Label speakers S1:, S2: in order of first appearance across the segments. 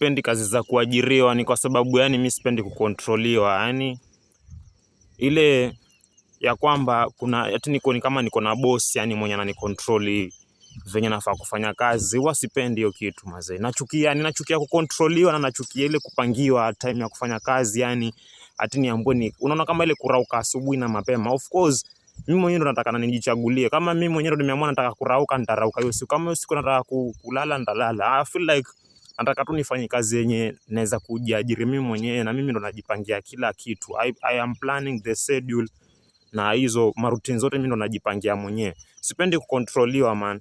S1: sipendi kazi za kuajiriwa ni kwa sababu yani mi sipendi kukontroliwa yani ile ya kwamba kuna ati niko ni kama niko na boss yani mwenye ananikontroli venye nafaa kufanya kazi, huwa sipendi hiyo kitu mazee. Nachukia yani, nachukia kukontroliwa na nachukia ile kupangiwa time ya kufanya kazi yani ati niambiwe ni unaona kama ile kurauka asubuhi na mapema. Of course mimi mwenyewe ndo nataka nijichagulie. Kama mimi mwenyewe ndo nimeamua nataka kurauka, nitarauka hiyo siku. Kama hiyo siku nataka kulala, nitalala. I feel like nataka tu nifanye kazi yenye naweza kujiajiri mimi mwenyewe, na mimi ndo najipangia kila kitu. I, I am planning the schedule na hizo marutin zote mimi ndo najipangia mwenyewe. Sipendi kukontroliwa man.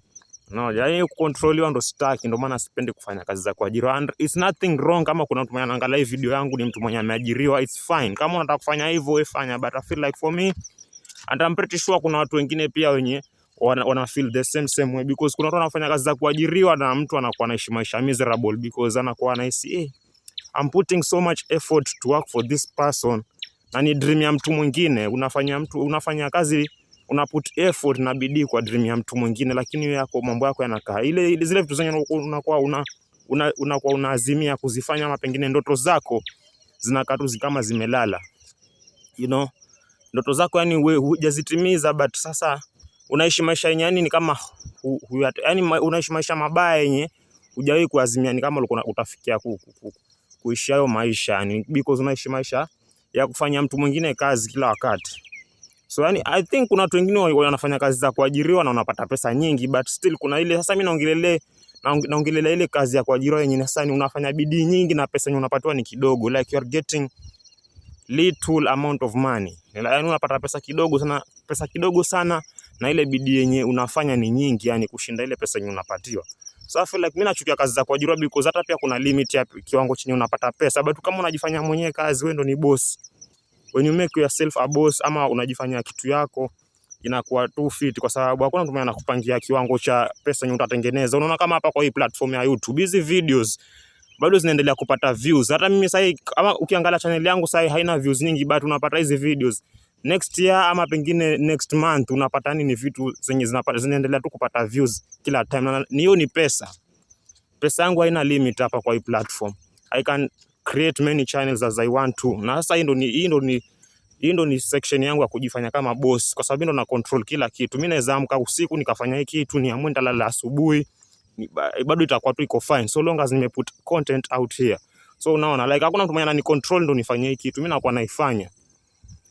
S1: No, yaani kukontroliwa ndo sitaki, ndo maana sipendi kufanya kazi za kuajiriwa. And it's nothing wrong kama kuna mtu mwenye anaangalia hii video yangu ni mtu mwenye ameajiriwa, it's fine. Kama unataka kufanya hivyo wewe fanya, but I feel like for me and I'm pretty sure kuna watu wengine pia wenye wana, feel the same same way because kuna watu wanafanya kazi za kuajiriwa na mtu anakuwa anaishi maisha miserable because anakuwa anahisi eh, I'm putting so much effort to work for this person na ni dream ya mtu mwingine. Unafanya mtu unafanya kazi una put effort na bidii kwa dream ya mtu mwingine, lakini wewe yako mambo yako yanakaa ile ile, zile vitu zenye unakuwa una unakuwa una, una unaazimia kuzifanya ama pengine ndoto zako zinakaa tu kama zimelala, you know, ndoto zako yani hujazitimiza, but sasa unaishi maisha yenye yani ni kama hu, hu, yani unaishi maisha mabaya yenye hujawahi kuazimia, ni kama ulikuwa utafikia ku, ku, ku, kuishi hayo maisha yani, because unaishi maisha ya kufanya mtu mwingine kazi kila wakati. So yani, I think kuna watu wengine wanafanya kazi za kuajiriwa na wanapata pesa nyingi, but still kuna ile sasa, mimi naongelele naongelele ile kazi ya kuajiriwa yenye sasa ni unafanya bidii nyingi na pesa unapatiwa ni kidogo, like you are getting little amount of money, yani unapata pesa kidogo sana, pesa kidogo sana na ile bidii yenye unafanya ni nyingi, yani kushinda ile pesa yenye unapatiwa. Safi, like mimi nachukia kazi za kuajiriwa because hata pia kuna limit ya kiwango chenye unapata pesa, but kama unajifanya mwenyewe kazi, wewe ndo ni boss. When you make yourself a boss, ama unajifanya kitu yako inakuwa tu fit, kwa sababu hakuna mtu anakupangia kiwango cha pesa yenye utatengeneza. Unaona kama hapa kwa hii platform ya YouTube hizi videos bado zinaendelea kupata views. Hata mimi sasa, kama ukiangalia channel yangu sasa haina views nyingi, but unapata hizi videos next year ama pengine next month unapata nini? vitu zenye zinaendelea tu kupata views kila time, na hiyo ni pesa. Pesa yangu haina limit hapa kwa hii platform. I can create many channels as I want to. Na sasa hii ndo ni hii ndo ni hii ndo ni section yangu ya kujifanya kama boss, kwa sababu ndo na control kila kitu. Mimi naweza amka usiku nikafanya hii kitu, niamue nitalala asubuhi, bado itakuwa tu iko fine, so long as nimeput content out here. So unaona like hakuna mtu mwenye anani control ndo nifanye hii kitu, mimi nakuwa naifanya.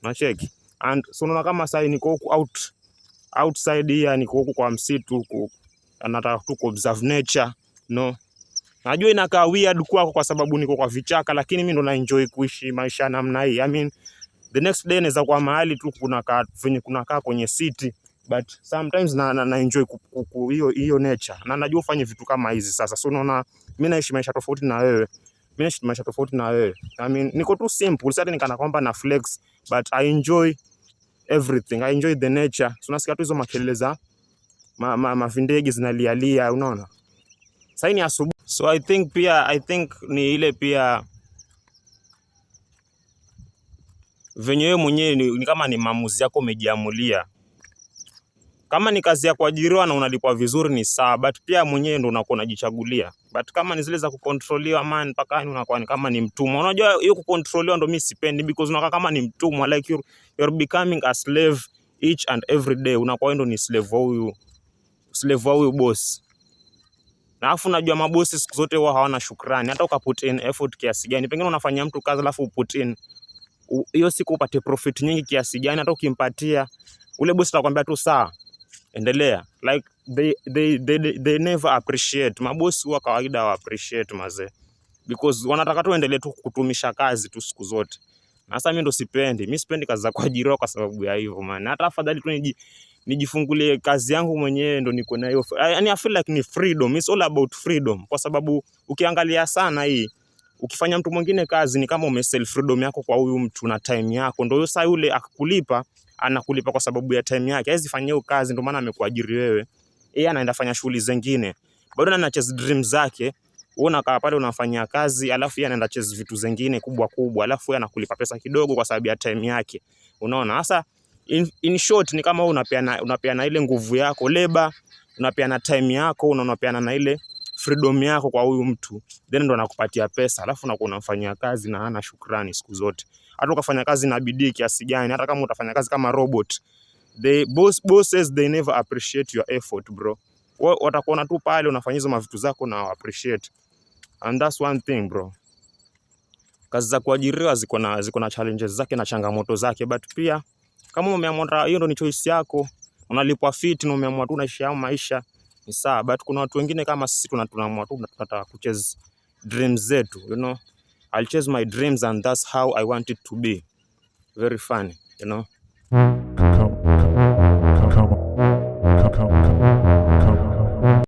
S1: na Nacheki and so unaona kama sasa niko huku out outside here, niko huku kwa msitu huku, nataka tu observe nature no. Najua inakaa weird kwako kwa sababu niko kwa vichaka, lakini mimi ndo na enjoy kuishi maisha namna hii. I mean the next day naweza kwa mahali tu kuna kaa venye kuna kaa kwenye city but sometimes na, na, na enjoy hiyo hiyo nature na najua ufanye vitu kama hizi sasa. So unaona mimi naishi maisha tofauti na wewe, mimi naishi maisha tofauti na wewe. I mean niko tu simple, sasa nikana kwamba na flex but I enjoy everything. I enjoy the nature. Unasikia tu hizo makelele za ma, ma, mavindegi zinalialia, unaona. Sasa ni asubuhi. So I think pia I think ni ile pia venye wewe mwenyewe ni, ni kama ni maamuzi yako umejiamulia. Kama ni kazi ya kuajiriwa na unalipwa vizuri ni sawa, but pia mwenyewe ndo unakuwa unajichagulia. But kama ni zile za kukontroliwa man, mpaka yani unakuwa ni kama ni mtumwa. Unajua hiyo kukontroliwa ndo mimi sipendi, because unakaa kama ni mtumwa, like you're, you're becoming a slave each and every day. Unakuwa ndo ni slave wa huyu slave wa huyu boss. Na afu unajua mabosi siku zote huwa hawana shukrani, hata ukaput in effort kiasi gani. Pengine unafanyia mtu kazi alafu uput in hiyo siku upate profit nyingi kiasi gani, hata ukimpatia ule bosi atakwambia tu sawa endelea like they, they, they, they, they never appreciate. Mabosi huwa kawaida wa appreciate mazee, because wanataka tu endelee tu kutumisha kazi tu siku zote. Na Sasa mimi ndo sipendi, mimi sipendi kazi za kuajiriwa kwa sababu ya hivyo man. hata afadhali tu niji nijifungulie kazi yangu mwenyewe ndo niko nayo. Yani I feel like ni freedom, it's all about freedom, kwa sababu ukiangalia sana hii ukifanya mtu mwingine kazi ni kama ume sell freedom yako kwa huyu mtu na time yako, ndio sasa yule akukulipa anakulipa kwa sababu ya time yake, hawezi fanya hiyo kazi, ndio maana amekuajiri wewe. Yeye anaenda fanya shughuli zingine, bado ana chase dream zake. Wewe unakaa pale unafanyia kazi, alafu yeye anaenda chase vitu zingine kubwa kubwa, alafu yeye anakulipa pesa kidogo kwa sababu ya time yake. Unaona hasa in, in short ni kama wewe unapeana unapeana ile nguvu yako leba, unapeana time yako, unapeana na ile freedom yako kwa huyu mtu, then ndo anakupatia pesa, alafu unakuwa unamfanyia kazi na hana shukrani siku zote hata ukafanya kazi na bidii kiasi gani, hata kama utafanya kazi kama robot, the boss, bosses they never appreciate your effort bro. Wao watakuona tu pale unafanyiza mavitu zako na appreciate, and that's one thing bro. Kazi za kuajiriwa ziko na ziko na challenges zake na changamoto zake, but pia kama umeamua hiyo ndo ni choice yako, unalipwa fit na umeamua tu unaishi hayo maisha ni sawa, but kuna watu wengine kama sisi tunatunaamua tu tunataka kucheza dreams zetu you know. I'll chase my dreams and that's how I want it to be. Very funny, you know. Mm.